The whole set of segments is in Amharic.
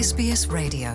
ኤስቢኤስ ሬዲዮ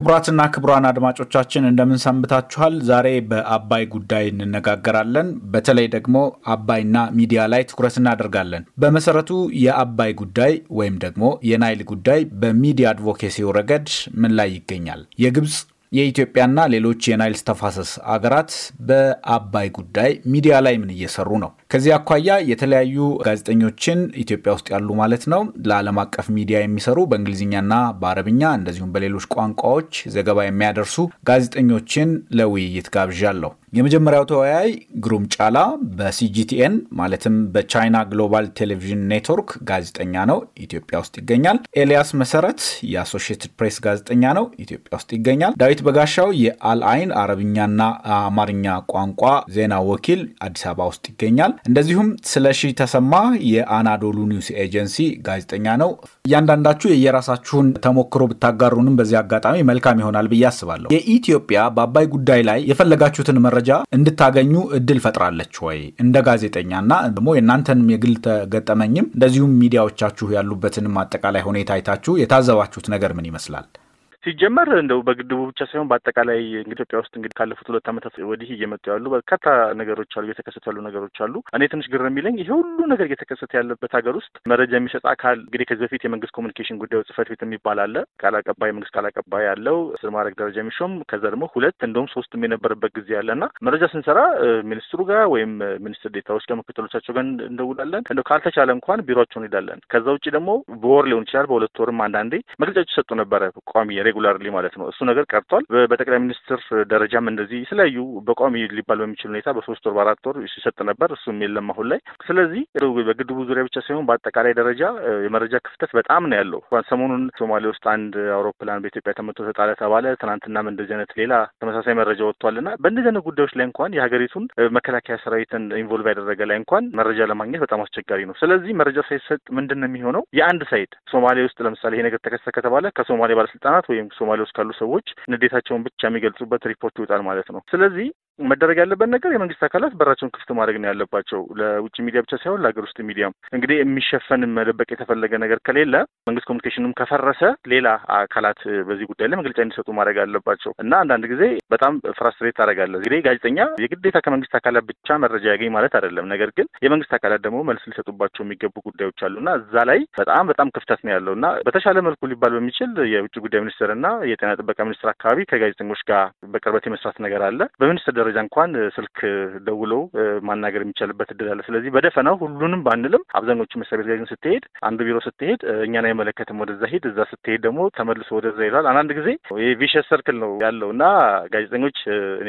ክቡራትና ክቡራን አድማጮቻችን እንደምን ሰንብታችኋል? ዛሬ በአባይ ጉዳይ እንነጋገራለን። በተለይ ደግሞ አባይና ሚዲያ ላይ ትኩረት እናደርጋለን። በመሰረቱ የአባይ ጉዳይ ወይም ደግሞ የናይል ጉዳይ በሚዲያ አድቮኬሲው ረገድ ምን ላይ ይገኛል? የግብፅ የኢትዮጵያና ሌሎች የናይልስ ተፋሰስ አገራት በአባይ ጉዳይ ሚዲያ ላይ ምን እየሰሩ ነው? ከዚህ አኳያ የተለያዩ ጋዜጠኞችን ኢትዮጵያ ውስጥ ያሉ ማለት ነው ለዓለም አቀፍ ሚዲያ የሚሰሩ በእንግሊዝኛና በአረብኛ እንደዚሁም በሌሎች ቋንቋዎች ዘገባ የሚያደርሱ ጋዜጠኞችን ለውይይት ጋብዣለሁ። የመጀመሪያው ተወያይ ግሩም ጫላ በሲጂቲኤን ማለትም በቻይና ግሎባል ቴሌቪዥን ኔትወርክ ጋዜጠኛ ነው፣ ኢትዮጵያ ውስጥ ይገኛል። ኤልያስ መሰረት የአሶሺየትድ ፕሬስ ጋዜጠኛ ነው፣ ኢትዮጵያ ውስጥ ይገኛል። ዳዊት ዳዊት በጋሻው የአልአይን አረብኛና አማርኛ ቋንቋ ዜና ወኪል አዲስ አበባ ውስጥ ይገኛል። እንደዚሁም ስለሺ ተሰማ የአናዶሉ ኒውስ ኤጀንሲ ጋዜጠኛ ነው። እያንዳንዳችሁ የየራሳችሁን ተሞክሮ ብታጋሩንም በዚህ አጋጣሚ መልካም ይሆናል ብዬ አስባለሁ። የኢትዮጵያ በአባይ ጉዳይ ላይ የፈለጋችሁትን መረጃ እንድታገኙ እድል ፈጥራለች ወይ? እንደ ጋዜጠኛና ደግሞ የእናንተንም የግል ተገጠመኝም እንደዚሁም ሚዲያዎቻችሁ ያሉበትንም አጠቃላይ ሁኔታ አይታችሁ የታዘባችሁት ነገር ምን ይመስላል? ሲጀመር እንደው በግድቡ ብቻ ሳይሆን በአጠቃላይ ኢትዮጵያ ውስጥ እንግዲህ ካለፉት ሁለት ዓመታት ወዲህ እየመጡ ያሉ በርካታ ነገሮች አሉ፣ እየተከሰቱ ያሉ ነገሮች አሉ። እኔ ትንሽ ግር የሚለኝ ይሄ ሁሉ ነገር እየተከሰተ ያለበት ሀገር ውስጥ መረጃ የሚሰጥ አካል እንግዲህ ከዚህ በፊት የመንግስት ኮሚኒኬሽን ጉዳዩ ጽህፈት ቤት የሚባል አለ። ቃል አቀባይ መንግስት ቃል አቀባይ ያለው ስር ማድረግ ደረጃ የሚሾም ከዛ ደግሞ ሁለት እንደውም ሶስትም የነበረበት ጊዜ አለ እና መረጃ ስንሰራ ሚኒስትሩ ጋር ወይም ሚኒስትር ዴታዎች ጋር ምክትሎቻቸው ጋር እንደውላለን። እንደ ካልተቻለ እንኳን ቢሮቸው እንሄዳለን። ከዛ ውጭ ደግሞ በወር ሊሆን ይችላል በሁለት ወርም አንዳንዴ መግለጫዎች ይሰጡ ነበረ ቋሚ ሬጉላርሊ ማለት ነው። እሱ ነገር ቀርቷል። በጠቅላይ ሚኒስትር ደረጃም እንደዚህ የተለያዩ በቋሚ ሊባል በሚችል ሁኔታ በሶስት ወር በአራት ወር ሲሰጥ ነበር። እሱም የለም አሁን ላይ። ስለዚህ በግድቡ ዙሪያ ብቻ ሳይሆን በአጠቃላይ ደረጃ የመረጃ ክፍተት በጣም ነው ያለው። ሰሞኑን ሶማሌ ውስጥ አንድ አውሮፕላን በኢትዮጵያ ተመቶ ተጣለ ተባለ። ትናንትናም እንደዚህ አይነት ሌላ ተመሳሳይ መረጃ ወጥቷል እና በእንደዚህ አይነት ጉዳዮች ላይ እንኳን የሀገሪቱን መከላከያ ሰራዊትን ኢንቮልቭ ያደረገ ላይ እንኳን መረጃ ለማግኘት በጣም አስቸጋሪ ነው። ስለዚህ መረጃ ሳይሰጥ ምንድን ነው የሚሆነው? የአንድ ሳይድ ሶማሌ ውስጥ ለምሳሌ ይሄ ነገር ተከሰተ ከተባለ ከሶማሌ ባለስልጣናት ወይም ሶማሌ ውስጥ ካሉ ሰዎች ንዴታቸውን ብቻ የሚገልጹበት ሪፖርት ይወጣል ማለት ነው። ስለዚህ መደረግ ያለበት ነገር የመንግስት አካላት በራቸውን ክፍት ማድረግ ነው ያለባቸው። ለውጭ ሚዲያ ብቻ ሳይሆን ለሀገር ውስጥ ሚዲያም እንግዲህ የሚሸፈን መደበቅ የተፈለገ ነገር ከሌለ መንግስት ኮሚኒኬሽንም ከፈረሰ ሌላ አካላት በዚህ ጉዳይ ላይ መግለጫ እንዲሰጡ ማድረግ አለባቸው እና አንዳንድ ጊዜ በጣም ፍራስትሬት ታደርጋለህ። እንግዲህ ጋዜጠኛ የግዴታ ከመንግስት አካላት ብቻ መረጃ ያገኝ ማለት አይደለም። ነገር ግን የመንግስት አካላት ደግሞ መልስ ሊሰጡባቸው የሚገቡ ጉዳዮች አሉ እና እዛ ላይ በጣም በጣም ክፍተት ነው ያለው እና በተሻለ መልኩ ሊባል በሚችል የውጭ ጉዳይ ሚኒስትር እና የጤና ጥበቃ ሚኒስትር አካባቢ ከጋዜጠኞች ጋር በቅርበት የመስራት ነገር አለ በሚኒስትር ደረጃ እንኳን ስልክ ደውለው ማናገር የሚቻልበት እድል አለ። ስለዚህ በደፈናው ሁሉንም ባንልም አብዛኞቹ መስሪያ ቤት ጋር ስትሄድ አንዱ ቢሮ ስትሄድ እኛን አይመለከትም ወደዛ ሄድ እዛ ስትሄድ ደግሞ ተመልሶ ወደዛ ይላል። አንዳንድ ጊዜ የቪሸስ ሰርክል ነው ያለው እና ጋዜጠኞች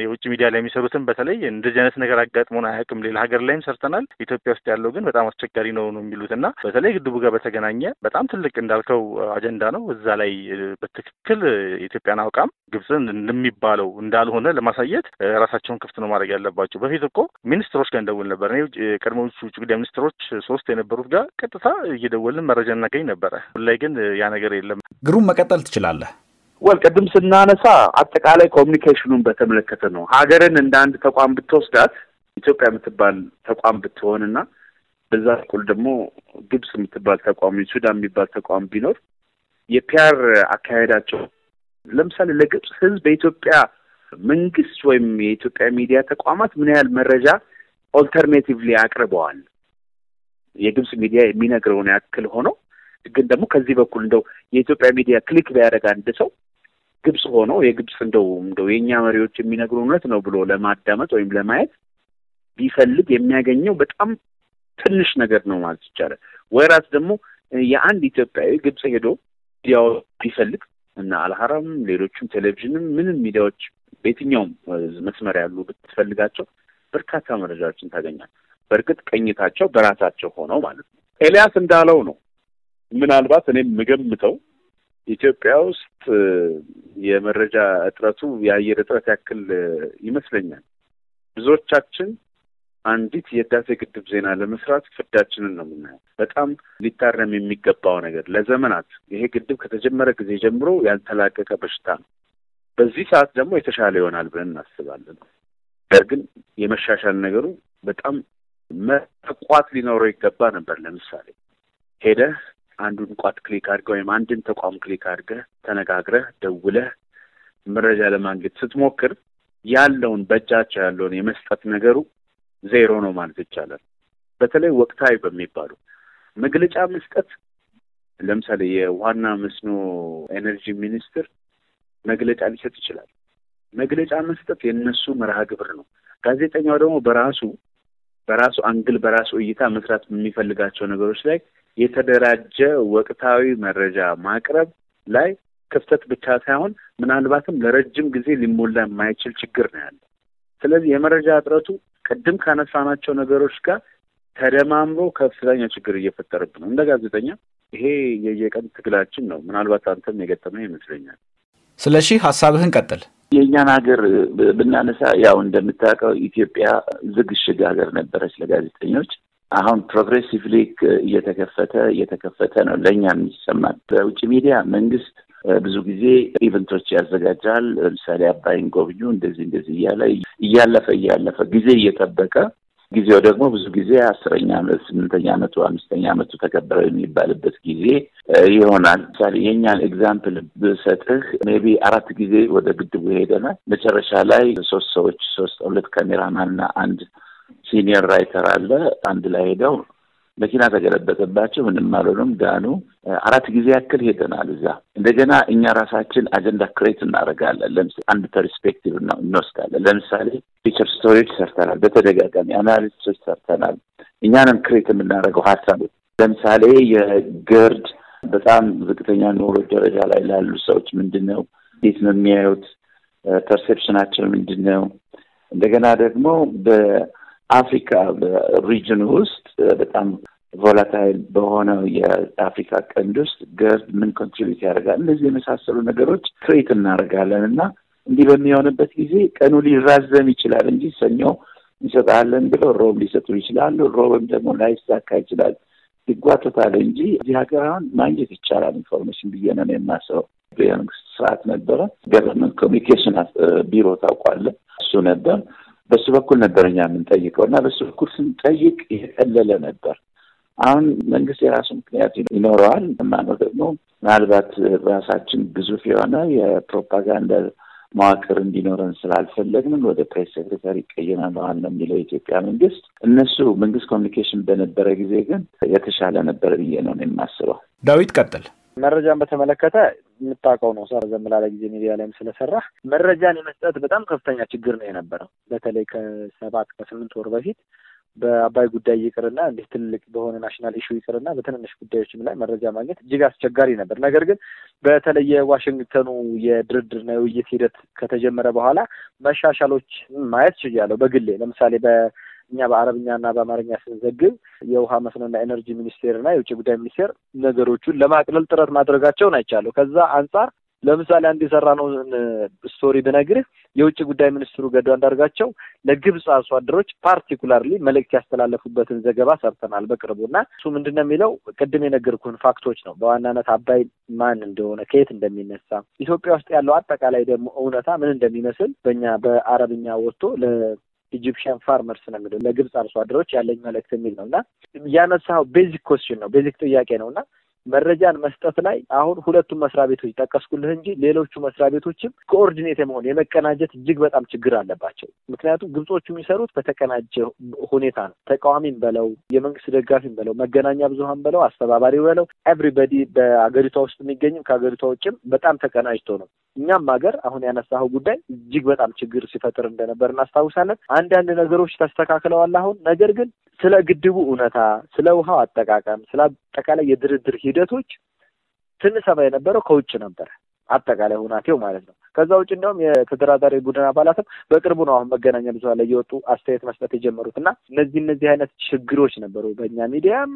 የውጭ ሚዲያ ላይ የሚሰሩትን በተለይ እንደዚህ አይነት ነገር አጋጥሞን አያውቅም። ሌላ ሀገር ላይም ሰርተናል። ኢትዮጵያ ውስጥ ያለው ግን በጣም አስቸጋሪ ነው ነው የሚሉት እና በተለይ ግድቡ ጋር በተገናኘ በጣም ትልቅ እንዳልከው አጀንዳ ነው። እዛ ላይ በትክክል ኢትዮጵያን አውቃም ግብፅን እንደሚባለው እንዳልሆነ ለማሳየት ራሳቸው በራቸውን ክፍት ነው ማድረግ ያለባቸው። በፊት እኮ ሚኒስትሮች ጋር እንደውል ነበር። ቀድሞዎቹ ውጭ ጉዳይ ሚኒስትሮች ሶስት የነበሩት ጋር ቀጥታ እየደወልን መረጃ እናገኝ ነበረ። ሁን ላይ ግን ያ ነገር የለም። ግሩም መቀጠል ትችላለህ። ወል ቅድም ስናነሳ አጠቃላይ ኮሚኒኬሽኑን በተመለከተ ነው። ሀገርን እንደ አንድ ተቋም ብትወስዳት ኢትዮጵያ የምትባል ተቋም ብትሆንና በዛ በኩል ደግሞ ግብጽ የምትባል ተቋም፣ ሱዳን የሚባል ተቋም ቢኖር የፒያር አካሄዳቸው ለምሳሌ ለግብጽ ሕዝብ በኢትዮጵያ መንግስት ወይም የኢትዮጵያ ሚዲያ ተቋማት ምን ያህል መረጃ ኦልተርኔቲቭሊ አቅርበዋል። የግብጽ ሚዲያ የሚነግረውን ያክል ሆኖ ግን ደግሞ ከዚህ በኩል እንደው የኢትዮጵያ ሚዲያ ክሊክ ቢያደርግ አንድ ሰው ግብጽ ሆኖ የግብጽ እንደው እንደው የእኛ መሪዎች የሚነግሩ እውነት ነው ብሎ ለማዳመጥ ወይም ለማየት ቢፈልግ የሚያገኘው በጣም ትንሽ ነገር ነው ማለት ይቻላል። ወይራስ ደግሞ የአንድ ኢትዮጵያዊ ግብጽ ሄዶ ሚዲያው ቢፈልግ እና አልሀራም ሌሎችም ቴሌቪዥንም ምንም ሚዲያዎች በየትኛውም መስመር ያሉ ብትፈልጋቸው በርካታ መረጃዎችን ታገኛል። በእርግጥ ቅኝታቸው በራሳቸው ሆነው ማለት ነው። ኤልያስ እንዳለው ነው። ምናልባት እኔም የምገምተው ኢትዮጵያ ውስጥ የመረጃ እጥረቱ የአየር እጥረት ያክል ይመስለኛል። ብዙዎቻችን አንዲት የህዳሴ ግድብ ዜና ለመስራት ፍዳችንን ነው የምናየው። በጣም ሊታረም የሚገባው ነገር ለዘመናት ይሄ ግድብ ከተጀመረ ጊዜ ጀምሮ ያልተላቀቀ በሽታ ነው። በዚህ ሰዓት ደግሞ የተሻለ ይሆናል ብለን እናስባለን። ነገር ግን የመሻሻል ነገሩ በጣም መቋት ሊኖረው ይገባ ነበር። ለምሳሌ ሄደህ አንዱን ቋት ክሊክ አድርገህ ወይም አንድን ተቋም ክሊክ አድርገህ ተነጋግረህ ደውለህ መረጃ ለማግኘት ስትሞክር ያለውን በእጃቸው ያለውን የመስጠት ነገሩ ዜሮ ነው ማለት ይቻላል። በተለይ ወቅታዊ በሚባሉ መግለጫ መስጠት ለምሳሌ የዋና መስኖ ኤነርጂ ሚኒስትር መግለጫ ሊሰጥ ይችላል። መግለጫ መስጠት የእነሱ መርሃ ግብር ነው። ጋዜጠኛው ደግሞ በራሱ በራሱ አንግል በራሱ እይታ መስራት የሚፈልጋቸው ነገሮች ላይ የተደራጀ ወቅታዊ መረጃ ማቅረብ ላይ ክፍተት ብቻ ሳይሆን ምናልባትም ለረጅም ጊዜ ሊሞላ የማይችል ችግር ነው ያለው። ስለዚህ የመረጃ እጥረቱ ቅድም ካነሳናቸው ነገሮች ጋር ተደማምሮ ከፍተኛ ችግር እየፈጠረብን ነው። እንደ ጋዜጠኛ ይሄ የየቀን ትግላችን ነው። ምናልባት አንተም የገጠመ ይመስለኛል። ስለሺ ሀሳብህን ቀጥል። የእኛን ሀገር ብናነሳ ያው እንደምታውቀው ኢትዮጵያ ዝግ ሽግ ሀገር ነበረች ለጋዜጠኞች። አሁን ፕሮግሬሲቭሊ እየተከፈተ እየተከፈተ ነው ለእኛ የሚሰማል። በውጭ ሚዲያ መንግስት ብዙ ጊዜ ኢቨንቶች ያዘጋጃል። ለምሳሌ አባይን ጎብኙ እንደዚህ እንደዚህ እያለ እያለፈ እያለፈ ጊዜ እየጠበቀ ጊዜው ደግሞ ብዙ ጊዜ አስረኛ ዓመት ስምንተኛ ዓመቱ አምስተኛ ዓመቱ ተከበረ የሚባልበት ጊዜ ይሆናል። ምሳሌ የእኛን ኤግዛምፕል ብሰጥህ ሜይ ቢ አራት ጊዜ ወደ ግድቡ ሄደናል። መጨረሻ ላይ ሶስት ሰዎች ሶስት ሁለት ካሜራማንና አንድ ሲኒየር ራይተር አለ አንድ ላይ ሄደው መኪና ተገለበጠባቸው። ምንም አልሆኑም፣ ዳኑ። አራት ጊዜ ያክል ሄደናል እዛ። እንደገና እኛ ራሳችን አጀንዳ ክሬት እናደርጋለን። ለምሳሌ አንድ ፐርስፔክቲቭ እንወስዳለን። ለምሳሌ ፊቸር ስቶሪጅ ሰርተናል፣ በተደጋጋሚ አናሊሲሶች ሰርተናል። እኛንም ክሬት የምናደርገው ሀሳብ ለምሳሌ የግርድ በጣም ዝቅተኛ ኑሮ ደረጃ ላይ ላሉ ሰዎች ምንድን ነው እንዴት ነው የሚያዩት? ፐርሴፕሽናቸው ምንድን ነው? እንደገና ደግሞ አፍሪካ ሪጅን ውስጥ በጣም ቮላታይል በሆነው የአፍሪካ ቀንድ ውስጥ ገርድ ምን ኮንትሪቢዩት ያደርጋል እነዚህ የመሳሰሉ ነገሮች ክሬት እናደርጋለን እና እንዲህ በሚሆንበት ጊዜ ቀኑ ሊራዘም ይችላል እንጂ ሰኞ እንሰጣለን ብለው ሮብ ሊሰጡ ይችላሉ። ሮብም ደግሞ ላይሳካ ይችላል። ይጓተታል እንጂ እዚህ ሀገር አሁን ማግኘት ይቻላል ኢንፎርሜሽን ብዬ ነው የማስበው። የመንግስት ስርዓት ነበረ። ገቨርንመንት ኮሚኒኬሽን ቢሮ ታውቋለ፣ እሱ ነበር። በሱ በኩል ነበር እኛ የምንጠይቀው እና በሱ በኩል ስንጠይቅ የቀለለ ነበር። አሁን መንግስት የራሱ ምክንያት ይኖረዋል። ማነው ደግሞ ምናልባት ራሳችን ግዙፍ የሆነ የፕሮፓጋንዳ መዋቅር እንዲኖረን ስላልፈለግንም ወደ ፕሬስ ሴክሬታሪ ቀይረነዋል ነው የሚለው የኢትዮጵያ መንግስት። እነሱ መንግስት ኮሚኒኬሽን በነበረ ጊዜ ግን የተሻለ ነበር ብዬ ነው የማስበው። ዳዊት ቀጥል። መረጃን በተመለከተ የምታውቀው ነው። ሰር ዘም ጊዜ ሚዲያ ላይም ስለሰራህ መረጃን የመስጠት በጣም ከፍተኛ ችግር ነው የነበረው። በተለይ ከሰባት ከስምንት ወር በፊት በአባይ ጉዳይ ይቅርና እንዲህ ትልቅ በሆነ ናሽናል ኢሹ ይቅርና በትንንሽ ጉዳዮችም ላይ መረጃ ማግኘት እጅግ አስቸጋሪ ነበር። ነገር ግን በተለይ የዋሽንግተኑ የድርድርና የውይይት ሂደት ከተጀመረ በኋላ መሻሻሎች ማየት ችያለሁ በግሌ ለምሳሌ እኛ በአረብኛና በአማርኛ ስንዘግብ የውሃ መስኖና ኤነርጂ ሚኒስቴርና የውጭ ጉዳይ ሚኒስቴር ነገሮቹን ለማቅለል ጥረት ማድረጋቸውን አይቻለሁ። ከዛ አንጻር ለምሳሌ አንድ የሰራ ነው ስቶሪ ብነግርህ የውጭ ጉዳይ ሚኒስትሩ ገዱ አንዳርጋቸው ለግብፅ አርሶ አደሮች ፓርቲኩላርሊ መልእክት ያስተላለፉበትን ዘገባ ሰርተናል በቅርቡ እና እሱ ምንድን ነው የሚለው ቅድም የነገርኩህን ፋክቶች ነው። በዋናነት አባይ ማን እንደሆነ ከየት እንደሚነሳ ኢትዮጵያ ውስጥ ያለው አጠቃላይ ደግሞ እውነታ ምን እንደሚመስል በእኛ በአረብኛ ወጥቶ ኢጂፕሽን ፋርመርስ ነው የሚለው ለግብጽ አርሶ አደሮች ያለኝ መልእክት የሚል ነው እና ያነሳው ቤዚክ ኮስችን ነው ቤዚክ ጥያቄ ነው እና መረጃን መስጠት ላይ አሁን ሁለቱም መስሪያ ቤቶች ጠቀስኩልህ እንጂ ሌሎቹ መስሪያ ቤቶችም ኮኦርዲኔት የመሆን የመቀናጀት እጅግ በጣም ችግር አለባቸው። ምክንያቱም ግብጾቹ የሚሰሩት በተቀናጀ ሁኔታ ነው። ተቃዋሚም በለው የመንግስት ደጋፊም በለው መገናኛ ብዙሀን በለው አስተባባሪ በለው ኤቭሪበዲ በአገሪቷ ውስጥ የሚገኝም ከአገሪቷ ውጭም በጣም ተቀናጅቶ ነው። እኛም ሀገር አሁን ያነሳኸው ጉዳይ እጅግ በጣም ችግር ሲፈጥር እንደነበር እናስታውሳለን። አንዳንድ ነገሮች ተስተካክለዋል አሁን ነገር ግን ስለ ግድቡ እውነታ፣ ስለ ውሃው አጠቃቀም፣ ስለ አጠቃላይ የድርድር ሂደቶች ስንሰማ የነበረው ከውጭ ነበረ። አጠቃላይ ሁናቴው ማለት ነው። ከዛ ውጭ እንዲሁም የተደራዳሪ ቡድን አባላትም በቅርቡ ነው አሁን መገናኛ ብዙኃን ላይ የወጡ አስተያየት መስጠት የጀመሩት እና እነዚህ እነዚህ አይነት ችግሮች ነበሩ። በእኛ ሚዲያም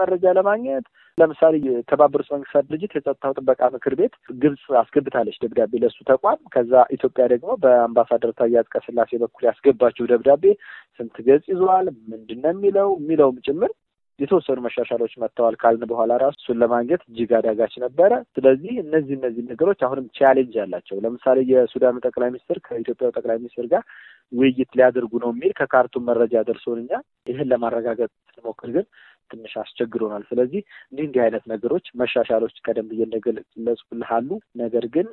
መረጃ ለማግኘት ለምሳሌ የተባበሩት መንግስታት ድርጅት የጸጥታው ጥበቃ ምክር ቤት ግብጽ አስገብታለች ደብዳቤ ለሱ ተቋም። ከዛ ኢትዮጵያ ደግሞ በአምባሳደር ታዬ አጽቀሥላሴ በኩል ያስገባችው ደብዳቤ ስንት ገጽ ይዟል፣ ምንድን ነው የሚለው የሚለውም ጭምር የተወሰኑ መሻሻሎች መጥተዋል ካልን በኋላ ራሱ እሱን ለማግኘት እጅግ አዳጋች ነበረ። ስለዚህ እነዚህ እነዚህ ነገሮች አሁንም ቻሌንጅ አላቸው። ለምሳሌ የሱዳኑ ጠቅላይ ሚኒስትር ከኢትዮጵያው ጠቅላይ ሚኒስትር ጋር ውይይት ሊያደርጉ ነው የሚል ከካርቱም መረጃ ደርሶን እኛ ይህን ለማረጋገጥ ስንሞክር ግን ትንሽ አስቸግሮናል። ስለዚህ እንዲህ እንዲህ አይነት ነገሮች መሻሻሎች ቀደም ብዬ እንደገለጽኩልህ ነገር ግን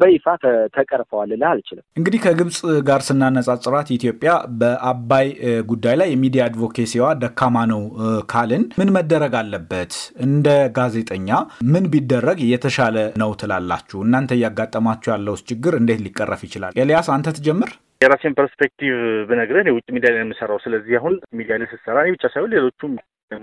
በይፋ ተቀርፈዋል ልልህ አልችልም። እንግዲህ ከግብፅ ጋር ስናነጻጽራት ኢትዮጵያ በአባይ ጉዳይ ላይ የሚዲያ አድቮኬሲዋ ደካማ ነው ካልን ምን መደረግ አለበት? እንደ ጋዜጠኛ ምን ቢደረግ የተሻለ ነው ትላላችሁ? እናንተ እያጋጠማችሁ ያለውስ ችግር እንዴት ሊቀረፍ ይችላል? ኤልያስ አንተ ትጀምር። የራሴን ፐርስፔክቲቭ ብነግረን የውጭ ሚዲያ ላይ የምሰራው ስለዚህ አሁን ሚዲያ ላይ ስሰራ ብቻ ሳይሆን ሌሎቹም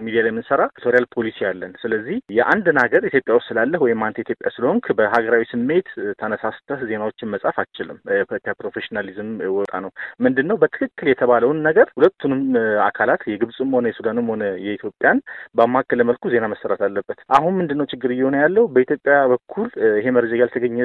ሚዲያ ላይ የምንሰራ ቶሪያል ፖሊሲ አለን። ስለዚህ የአንድን ሀገር ኢትዮጵያ ውስጥ ስላለህ ወይም አንተ ኢትዮጵያ ስለሆንክ በሀገራዊ ስሜት ተነሳስተህ ዜናዎችን መጻፍ አችልም። ከፕሮፌሽናሊዝም ወጣ ነው። ምንድን ነው በትክክል የተባለውን ነገር ሁለቱንም አካላት የግብፅም ሆነ የሱዳንም ሆነ የኢትዮጵያን በማከለ መልኩ ዜና መሰራት አለበት። አሁን ምንድን ነው ችግር እየሆነ ያለው በኢትዮጵያ በኩል ይሄ መረጃ ያልተገኘ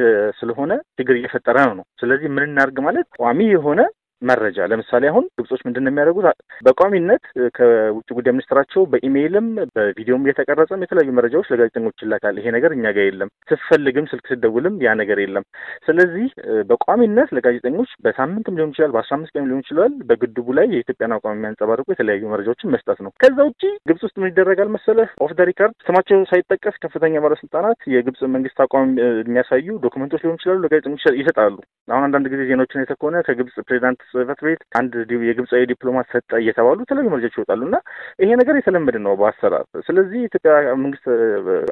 ስለሆነ ችግር እየፈጠረ ነው ነው። ስለዚህ ምን እናርግ ማለት ቋሚ የሆነ መረጃ ለምሳሌ አሁን ግብጾች ምንድን ነው የሚያደርጉት? በቋሚነት ከውጭ ጉዳይ ሚኒስትራቸው በኢሜይልም በቪዲዮም እየተቀረጸም የተለያዩ መረጃዎች ለጋዜጠኞች ይላካል። ይሄ ነገር እኛ ጋር የለም፣ ስትፈልግም ስልክ ስደውልም ያ ነገር የለም። ስለዚህ በቋሚነት ለጋዜጠኞች በሳምንትም ሊሆን ይችላል፣ በአስራ አምስት ቀን ሊሆን ይችላል፣ በግድቡ ላይ የኢትዮጵያን አቋም የሚያንጸባርቁ የተለያዩ መረጃዎችን መስጠት ነው። ከዛ ውጭ ግብጽ ውስጥ ምን ይደረጋል መሰለህ? ኦፍ ደ ሪካርድ ስማቸው ሳይጠቀስ ከፍተኛ ባለስልጣናት የግብጽ መንግስት አቋም የሚያሳዩ ዶክመንቶች ሊሆን ይችላሉ ለጋዜጠኞች ይሰጣሉ። አሁን አንዳንድ ጊዜ ዜናዎችን የተኮነ ከግብጽ ፕሬዚዳንት ጽህፈት ቤት አንድ የግብፃዊ ዲፕሎማት ሰጠ እየተባሉ የተለያዩ መረጃዎች ይወጣሉ እና ይሄ ነገር የተለመደ ነው በአሰራር። ስለዚህ ኢትዮጵያ መንግስት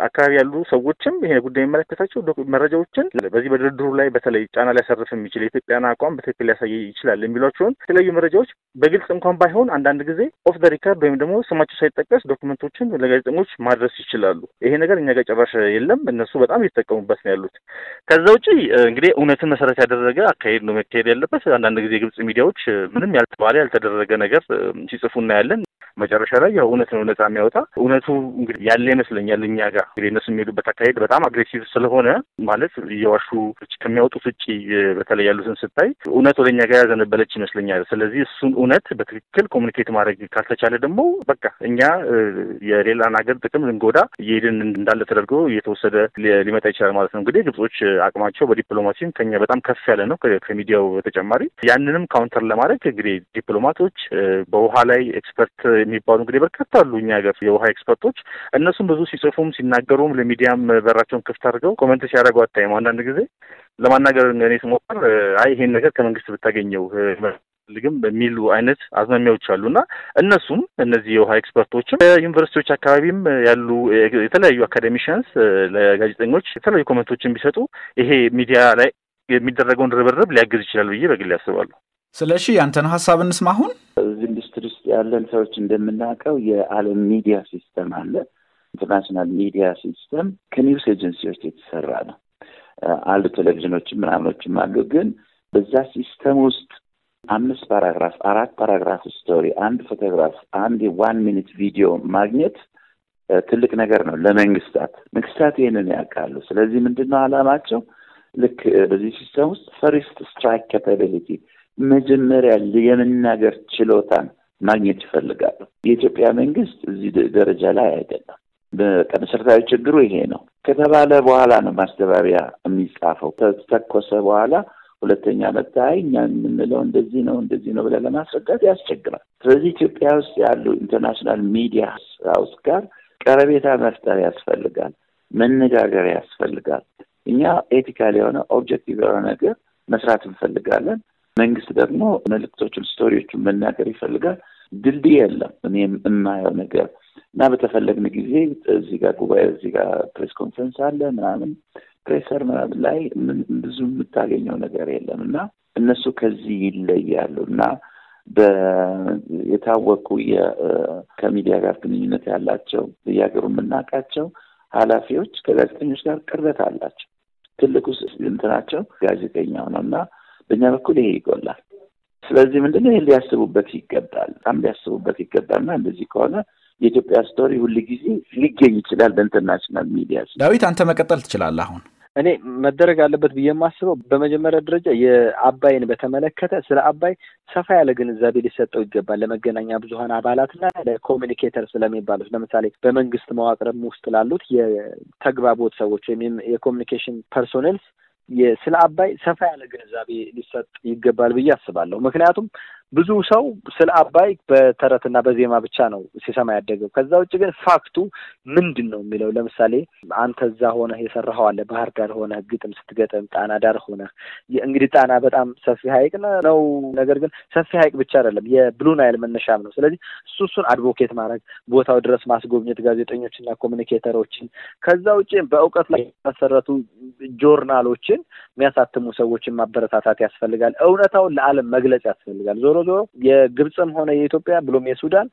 አካባቢ ያሉ ሰዎችም ይሄ ጉዳይ የሚመለከታቸው መረጃዎችን በዚህ በድርድሩ ላይ በተለይ ጫና ሊያሰርፍ የሚችል የኢትዮጵያን አቋም በትክክል ሊያሳይ ይችላል የሚሏቸውን የተለያዩ መረጃዎች በግልጽ እንኳን ባይሆን አንዳንድ ጊዜ ኦፍ ደ ሪካርድ ወይም ደግሞ ስማቸው ሳይጠቀስ ዶክመንቶችን ለጋዜጠኞች ማድረስ ይችላሉ። ይሄ ነገር እኛ ጋር ጨራሽ የለም። እነሱ በጣም እየተጠቀሙበት ነው ያሉት። ከዛ ውጭ እንግዲህ እውነትን መሰረት ያደረገ አካሄድ ነው መካሄድ ያለበት። አንዳንድ ጊዜ ግብጽ ሚዲያዎች ምንም ያልተባለ ያልተደረገ ነገር ሲጽፉ እናያለን። መጨረሻ ላይ ያው እውነት ነው የሚያወጣ እውነቱ እንግዲህ ያለ ይመስለኛል። እኛ ጋር እንግዲህ እነሱ የሚሄዱበት አካሄድ በጣም አግሬሲቭ ስለሆነ ማለት እየዋሹ ከሚያወጡት ውጭ በተለይ ያሉትን ስታይ እውነት ወደ እኛ ጋር ያዘነበለች ይመስለኛል። ስለዚህ እሱን እውነት በትክክል ኮሚኒኬት ማድረግ ካልተቻለ ደግሞ በቃ እኛ የሌላን ሀገር ጥቅም ልንጎዳ እየሄድን እንዳለ ተደርጎ እየተወሰደ ሊመጣ ይችላል ማለት ነው። እንግዲህ ግብጾች አቅማቸው በዲፕሎማሲም ከኛ በጣም ከፍ ያለ ነው ከሚዲያው በተጨማሪ ያንንም ካውንተር ለማድረግ እንግዲህ ዲፕሎማቶች በውሃ ላይ ኤክስፐርት የሚባሉ እንግዲህ በርካታ አሉ እኛ ሀገር የውሃ ኤክስፐርቶች እነሱም ብዙ ሲጽፉም ሲናገሩም ለሚዲያም በራቸውን ክፍት አድርገው ኮመንት ሲያደርጉ አታይም። አንዳንድ ጊዜ ለማናገር እኔ ስሞክር አይ ይሄን ነገር ከመንግስት ብታገኘው ልግም በሚሉ አይነት አዝማሚያዎች አሉ እና እነሱም እነዚህ የውሃ ኤክስፐርቶችም ዩኒቨርሲቲዎች አካባቢም ያሉ የተለያዩ አካዴሚሽያንስ ለጋዜጠኞች የተለያዩ ኮመንቶችን ቢሰጡ ይሄ ሚዲያ ላይ የሚደረገውን ርብርብ ሊያግዝ ይችላል ብዬ በግል ያስባሉ። ስለሺ ያንተን ሀሳብ እንስማ። አሁን እዚህ ኢንዱስትሪ ውስጥ ያለን ሰዎች እንደምናውቀው የዓለም ሚዲያ ሲስተም አለ። ኢንተርናሽናል ሚዲያ ሲስተም ከኒውስ ኤጀንሲዎች የተሰራ ነው። አሉ ቴሌቪዥኖችም ምናምኖችም አሉ። ግን በዛ ሲስተም ውስጥ አምስት ፓራግራፍ፣ አራት ፓራግራፍ ስቶሪ፣ አንድ ፎቶግራፍ፣ አንድ ዋን ሚኒት ቪዲዮ ማግኘት ትልቅ ነገር ነው ለመንግስታት። መንግስታት ይህንን ያውቃሉ። ስለዚህ ምንድን ነው አላማቸው? ልክ በዚህ ሲስተም ውስጥ ፈርስት ስትራይክ ካፓቢሊቲ መጀመሪያ የመናገር ችሎታን ማግኘት ይፈልጋሉ። የኢትዮጵያ መንግስት እዚህ ደረጃ ላይ አይደለም። በቃ መሰረታዊ ችግሩ ይሄ ነው ከተባለ በኋላ ነው ማስተባበያ የሚጻፈው። ከተተኮሰ በኋላ ሁለተኛ መታይ እኛ የምንለው እንደዚህ ነው እንደዚህ ነው ብለን ለማስረዳት ያስቸግራል። ስለዚህ ኢትዮጵያ ውስጥ ያሉ ኢንተርናሽናል ሚዲያ ሀውስ ጋር ቀረቤታ መፍጠር ያስፈልጋል። መነጋገር ያስፈልጋል። እኛ ኤቲካል የሆነ ኦብጀክቲቭ የሆነ ነገር መስራት እንፈልጋለን። መንግስት ደግሞ መልእክቶችን፣ ስቶሪዎችን መናገር ይፈልጋል። ድልድይ የለም። እኔም እናየው ነገር እና በተፈለግን ጊዜ እዚህ ጋር ጉባኤ፣ እዚህ ጋር ፕሬስ ኮንፈረንስ አለ ምናምን ፕሬሰር ምናምን ላይ ብዙ የምታገኘው ነገር የለም እና እነሱ ከዚህ ይለያሉ እና የታወቁ ከሚዲያ ጋር ግንኙነት ያላቸው እያገሩ የምናውቃቸው ኃላፊዎች ከጋዜጠኞች ጋር ቅርበት አላቸው። ትልቁ እንትናቸው ጋዜጠኛው ነው እና በእኛ በኩል ይሄ ይጎላል። ስለዚህ ነው ይህ ሊያስቡበት ይገባል፣ በጣም ሊያስቡበት ይገባልና እንደዚህ ከሆነ የኢትዮጵያ ስቶሪ ሁልጊዜ ሊገኝ ይችላል በኢንተርናሽናል ሚዲያ። ዳዊት አንተ መቀጠል ትችላለህ አሁን እኔ መደረግ አለበት ብዬ የማስበው በመጀመሪያ ደረጃ የአባይን በተመለከተ ስለ አባይ ሰፋ ያለ ግንዛቤ ሊሰጠው ይገባል ለመገናኛ ብዙኃን አባላትና ለኮሚኒኬተር ስለሚባሉት ለምሳሌ በመንግስት መዋቅርም ውስጥ ላሉት የተግባቦት ሰዎች ወይም የኮሚኒኬሽን ፐርሶኔልስ ስለ አባይ ሰፋ ያለ ግንዛቤ ሊሰጥ ይገባል ብዬ አስባለሁ። ምክንያቱም ብዙ ሰው ስለ አባይ በተረትና በዜማ ብቻ ነው ሲሰማ ያደገው። ከዛ ውጭ ግን ፋክቱ ምንድን ነው የሚለው ለምሳሌ አንተ እዛ ሆነህ የሰራኸው አለ። ባህር ዳር ሆነህ ግጥም ስትገጥም፣ ጣና ዳር ሆነህ እንግዲህ ጣና በጣም ሰፊ ሐይቅ ነው። ነገር ግን ሰፊ ሐይቅ ብቻ አይደለም፣ የብሉ ናይል መነሻም ነው። ስለዚህ እሱ እሱን አድቮኬት ማድረግ ቦታው ድረስ ማስጎብኘት ጋዜጠኞችና ኮሚኒኬተሮችን ከዛ ውጭ በእውቀት ላይ የተመሰረቱ ጆርናሎችን የሚያሳትሙ ሰዎችን ማበረታታት ያስፈልጋል። እውነታውን ለዓለም መግለጽ ያስፈልጋል። ዞሮ ዞሮ ዞሮ የግብፅም ሆነ የኢትዮጵያ ብሎም የሱዳን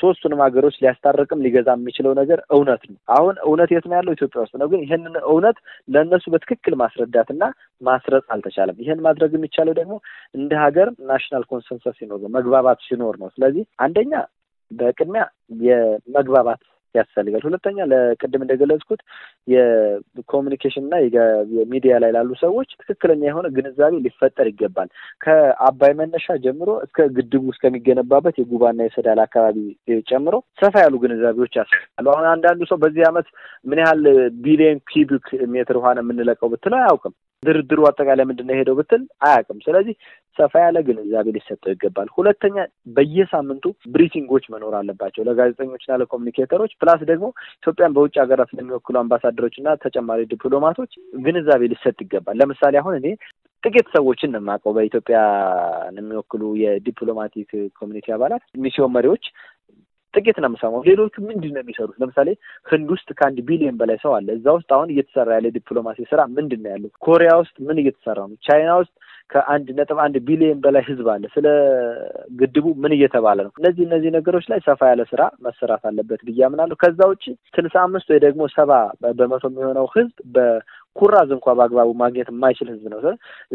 ሶስቱንም ሀገሮች ሊያስታርቅም ሊገዛ የሚችለው ነገር እውነት ነው። አሁን እውነት የት ነው ያለው? ኢትዮጵያ ውስጥ ነው። ግን ይህንን እውነት ለእነሱ በትክክል ማስረዳትና ማስረጽ አልተቻለም። ይህን ማድረግ የሚቻለው ደግሞ እንደ ሀገር ናሽናል ኮንሰንሰስ ሲኖር ነው፣ መግባባት ሲኖር ነው። ስለዚህ አንደኛ በቅድሚያ የመግባባት ያስፈልጋል። ሁለተኛ ለቅድም እንደገለጽኩት የኮሚኒኬሽን እና የሚዲያ ላይ ላሉ ሰዎች ትክክለኛ የሆነ ግንዛቤ ሊፈጠር ይገባል። ከአባይ መነሻ ጀምሮ እስከ ግድቡ እስከሚገነባበት የጉባና የሰዳል አካባቢ ጨምሮ ሰፋ ያሉ ግንዛቤዎች ያስፈልጋሉ። አሁን አንዳንዱ ሰው በዚህ ዓመት ምን ያህል ቢሊዮን ኪቢክ ሜትር ውሃ ነው የምንለቀው ብትለው አያውቅም። ድርድሩ አጠቃላይ ምንድን ነው የሄደው ብትል አያውቅም። ስለዚህ ሰፋ ያለ ግንዛቤ ሊሰጠው ይገባል። ሁለተኛ በየሳምንቱ ብሪፊንጎች መኖር አለባቸው ለጋዜጠኞችና ለኮሚኒኬተሮች። ፕላስ ደግሞ ኢትዮጵያን በውጭ ሀገራት ለሚወክሉ አምባሳደሮችና ተጨማሪ ዲፕሎማቶች ግንዛቤ ሊሰጥ ይገባል። ለምሳሌ አሁን እኔ ጥቂት ሰዎችን የማውቀው በኢትዮጵያ የሚወክሉ የዲፕሎማቲክ ኮሚኒቲ አባላት ሚስዮን መሪዎች ጥቂት ነው የምሰማው። ሌሎቹ ምንድን ነው የሚሰሩት? ለምሳሌ ህንድ ውስጥ ከአንድ ቢሊዮን በላይ ሰው አለ። እዛ ውስጥ አሁን እየተሰራ ያለ ዲፕሎማሲ ስራ ምንድን ነው ያለው? ኮሪያ ውስጥ ምን እየተሰራ ነው? ቻይና ውስጥ ከአንድ ነጥብ አንድ ቢሊዮን በላይ ህዝብ አለ። ስለ ግድቡ ምን እየተባለ ነው? እነዚህ እነዚህ ነገሮች ላይ ሰፋ ያለ ስራ መሰራት አለበት ብዬ አምናለሁ። ከዛ ውጭ ስልሳ አምስት ወይ ደግሞ ሰባ በመቶ የሚሆነው ህዝብ በኩራዝ እንኳ በአግባቡ ማግኘት የማይችል ህዝብ ነው።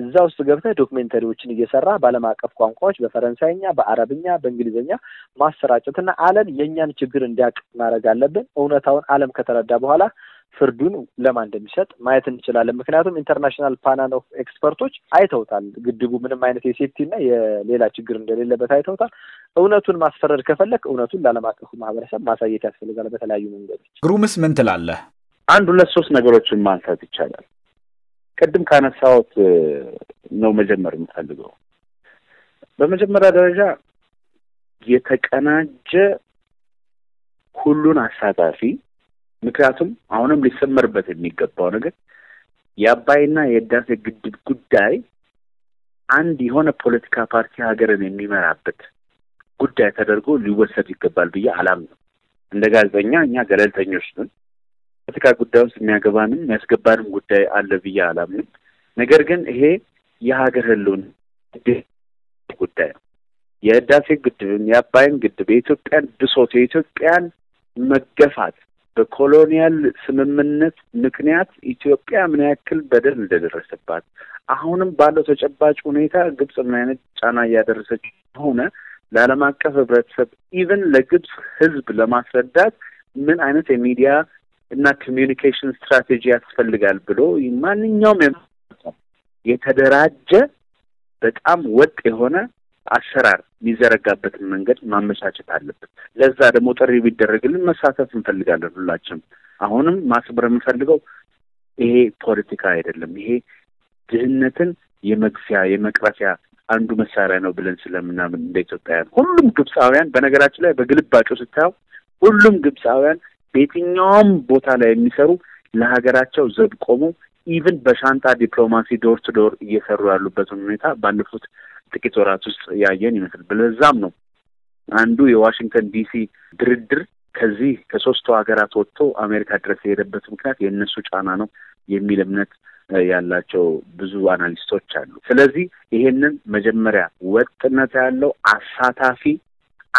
እዛ ውስጥ ገብተህ ዶክሜንተሪዎችን እየሰራ በዓለም አቀፍ ቋንቋዎች በፈረንሳይኛ፣ በአረብኛ፣ በእንግሊዝኛ ማሰራጨትና ዓለም የእኛን ችግር እንዲያውቅ ማድረግ አለብን። እውነታውን ዓለም ከተረዳ በኋላ ፍርዱን ለማን እንደሚሰጥ ማየት እንችላለን። ምክንያቱም ኢንተርናሽናል ፓናል ኦፍ ኤክስፐርቶች አይተውታል። ግድቡ ምንም አይነት የሴፍቲ እና የሌላ ችግር እንደሌለበት አይተውታል። እውነቱን ማስፈረድ ከፈለግ እውነቱን ለዓለም አቀፉ ማህበረሰብ ማሳየት ያስፈልጋል በተለያዩ መንገዶች። ግሩምስ ምን ትላለህ? አንድ ሁለት ሶስት ነገሮችን ማንሳት ይቻላል። ቅድም ካነሳሁት ነው መጀመር የምፈልገው። በመጀመሪያ ደረጃ የተቀናጀ ሁሉን አሳታፊ ምክንያቱም አሁንም ሊሰመርበት የሚገባው ነገር የአባይና የህዳሴ ግድብ ጉዳይ አንድ የሆነ ፖለቲካ ፓርቲ ሀገርን የሚመራበት ጉዳይ ተደርጎ ሊወሰድ ይገባል ብዬ አላምንም። እንደ ጋዜጠኛ እኛ ገለልተኞች ነን። ፖለቲካ ጉዳይ ውስጥ የሚያገባንም የሚያስገባንም ጉዳይ አለ ብዬ አላምንም። ነገር ግን ይሄ የሀገር ህልውና ጉዳይ ነው። የህዳሴ ግድብም የአባይን ግድብ የኢትዮጵያን ብሶት፣ የኢትዮጵያን መገፋት በኮሎኒያል ስምምነት ምክንያት ኢትዮጵያ ምን ያክል በደል እንደደረሰባት አሁንም ባለው ተጨባጭ ሁኔታ ግብጽ ምን አይነት ጫና እያደረሰች ሆነ ለዓለም አቀፍ ህብረተሰብ ኢቨን ለግብጽ ህዝብ ለማስረዳት ምን አይነት የሚዲያ እና ኮሚዩኒኬሽን ስትራቴጂ ያስፈልጋል ብሎ ማንኛውም የተደራጀ በጣም ወጥ የሆነ አሰራር የሚዘረጋበትን መንገድ ማመቻቸት አለብን። ለዛ ደግሞ ጥሪ ቢደረግልን መሳተፍ እንፈልጋለን ሁላችንም። አሁንም ማስበር የምፈልገው ይሄ ፖለቲካ አይደለም። ይሄ ድህነትን የመግፊያ የመቅረፊያ አንዱ መሳሪያ ነው ብለን ስለምናምን እንደ ኢትዮጵያውያን ሁሉም ግብፃውያን፣ በነገራችን ላይ በግልባጩ ስታየው ሁሉም ግብፃውያን በየትኛውም ቦታ ላይ የሚሰሩ ለሀገራቸው ዘብ ቆመው ኢቭን በሻንጣ ዲፕሎማሲ ዶር ቱ ዶር እየሰሩ ያሉበትን ሁኔታ ባለፉት ጥቂት ወራት ውስጥ ያየን ይመስል በለዛም ነው አንዱ የዋሽንግተን ዲሲ ድርድር ከዚህ ከሶስቱ ሀገራት ወጥቶ አሜሪካ ድረስ የሄደበት ምክንያት የእነሱ ጫና ነው የሚል እምነት ያላቸው ብዙ አናሊስቶች አሉ። ስለዚህ ይሄንን መጀመሪያ ወጥነት ያለው አሳታፊ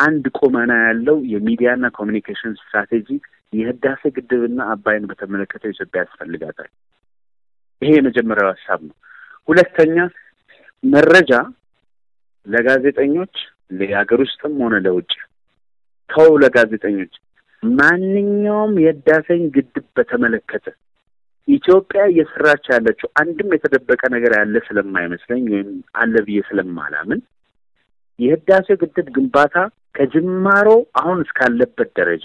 አንድ ቁመና ያለው የሚዲያና ኮሚኒኬሽን ስትራቴጂ የህዳሴ ግድብና አባይን በተመለከተ ኢትዮጵያ ያስፈልጋታል። ይሄ የመጀመሪያው ሀሳብ ነው። ሁለተኛ መረጃ ለጋዜጠኞች ለሀገር ውስጥም ሆነ ለውጭ ተው፣ ለጋዜጠኞች ማንኛውም የህዳሴን ግድብ በተመለከተ ኢትዮጵያ እየሰራች ያለችው አንድም የተደበቀ ነገር ያለ ስለማይመስለኝ ወይም አለ ብዬ ስለማላምን የህዳሴ ግድብ ግንባታ ከጅማሮ አሁን እስካለበት ደረጃ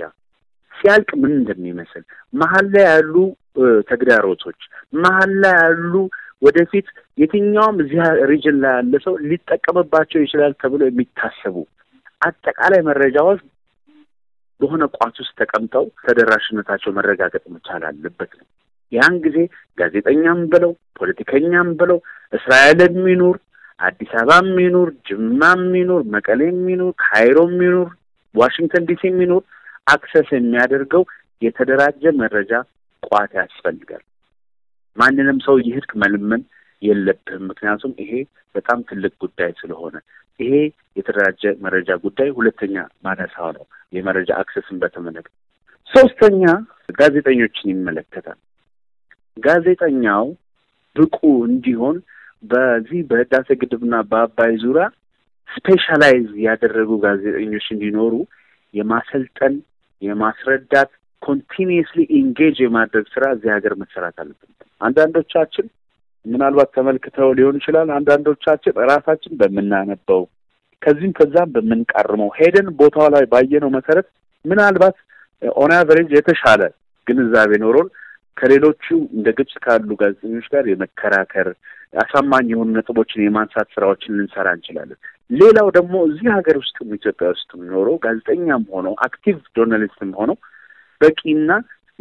ሲያልቅ ምን እንደሚመስል መሀል ላይ ያሉ ተግዳሮቶች፣ መሀል ላይ ያሉ ወደፊት የትኛውም እዚህ ሪጅን ላይ ያለ ሰው ሊጠቀምባቸው ይችላል ተብሎ የሚታሰቡ አጠቃላይ መረጃዎች በሆነ ቋት ውስጥ ተቀምጠው ተደራሽነታቸው መረጋገጥ መቻል አለበት ነው። ያን ጊዜ ጋዜጠኛም ብለው ፖለቲከኛም ብለው እስራኤል የሚኖር አዲስ አበባ የሚኖር ጅማ የሚኖር መቀሌ የሚኖር ካይሮ የሚኖር ዋሽንግተን ዲሲ የሚኖር አክሰስ የሚያደርገው የተደራጀ መረጃ ቋት ያስፈልጋል። ማንንም ሰው ይህድቅ መልመን የለብህም። ምክንያቱም ይሄ በጣም ትልቅ ጉዳይ ስለሆነ ይሄ የተደራጀ መረጃ ጉዳይ ሁለተኛ ማነሳው ነው። የመረጃ አክሰስን በተመለከተ ሶስተኛ ጋዜጠኞችን ይመለከታል። ጋዜጠኛው ብቁ እንዲሆን በዚህ በህዳሴ ግድብና በአባይ ዙሪያ ስፔሻላይዝ ያደረጉ ጋዜጠኞች እንዲኖሩ የማሰልጠን የማስረዳት ኮንቲኒየስሊ ኢንጌጅ የማድረግ ስራ እዚህ ሀገር መሰራት አለበት። አንዳንዶቻችን ምናልባት ተመልክተው ሊሆን ይችላል። አንዳንዶቻችን ራሳችን በምናነበው ከዚህም ከዛም በምንቀርመው ሄደን ቦታው ላይ ባየነው መሰረት ምናልባት ኦን አቨሬጅ የተሻለ ግንዛቤ ኖሮን ከሌሎቹ እንደ ግብጽ ካሉ ጋዜጠኞች ጋር የመከራከር አሳማኝ የሆኑ ነጥቦችን የማንሳት ስራዎችን ልንሰራ እንችላለን። ሌላው ደግሞ እዚህ ሀገር ውስጥም ኢትዮጵያ ውስጥም ኖሮ ጋዜጠኛም ሆኖ አክቲቭ ጆርናሊስትም ሆኖ በቂና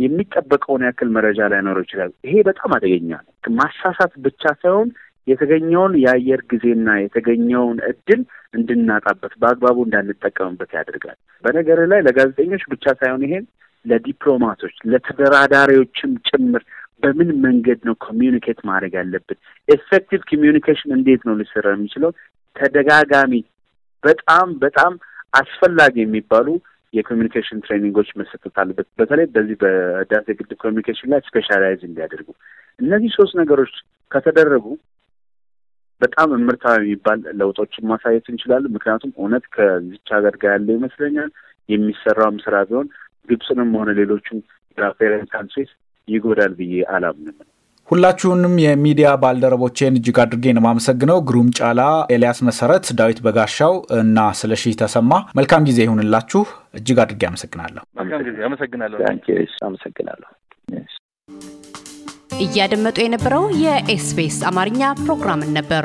የሚጠበቀውን ያክል መረጃ ላይኖረው ይችላል። ይሄ በጣም አደገኛ ነው። ማሳሳት ብቻ ሳይሆን የተገኘውን የአየር ጊዜና የተገኘውን እድል እንድናጣበት በአግባቡ እንዳንጠቀምበት ያደርጋል። በነገር ላይ ለጋዜጠኞች ብቻ ሳይሆን ይሄን ለዲፕሎማቶች፣ ለተደራዳሪዎችም ጭምር በምን መንገድ ነው ኮሚዩኒኬት ማድረግ ያለብን? ኤፌክቲቭ ኮሚዩኒኬሽን እንዴት ነው ሊሰራ የሚችለው? ተደጋጋሚ በጣም በጣም አስፈላጊ የሚባሉ የኮሚኒኬሽን ትሬኒንጎች መሰጠት አለበት። በተለይ በዚህ በህዳሴ ግድብ ኮሚኒኬሽን ላይ ስፔሻላይዝ እንዲያደርጉ እነዚህ ሶስት ነገሮች ከተደረጉ በጣም እምርታዊ የሚባል ለውጦችን ማሳየት እንችላለን። ምክንያቱም እውነት ከዚች ሀገር ጋር ያለው ይመስለኛል የሚሰራውም ስራ ቢሆን ግብፅንም ሆነ ሌሎቹ ራፌረን ካንትሪስ ይጎዳል ብዬ አላምንም። ሁላችሁንም የሚዲያ ባልደረቦቼን እጅግ አድርጌ ነው የማመሰግነው። ግሩም ጫላ፣ ኤልያስ መሰረት፣ ዳዊት በጋሻው እና ስለሺህ ተሰማ መልካም ጊዜ ይሁንላችሁ። እጅግ አድርጌ አመሰግናለሁ። አመሰግናለሁ። እያደመጡ የነበረው የኤስቢኤስ አማርኛ ፕሮግራምን ነበር።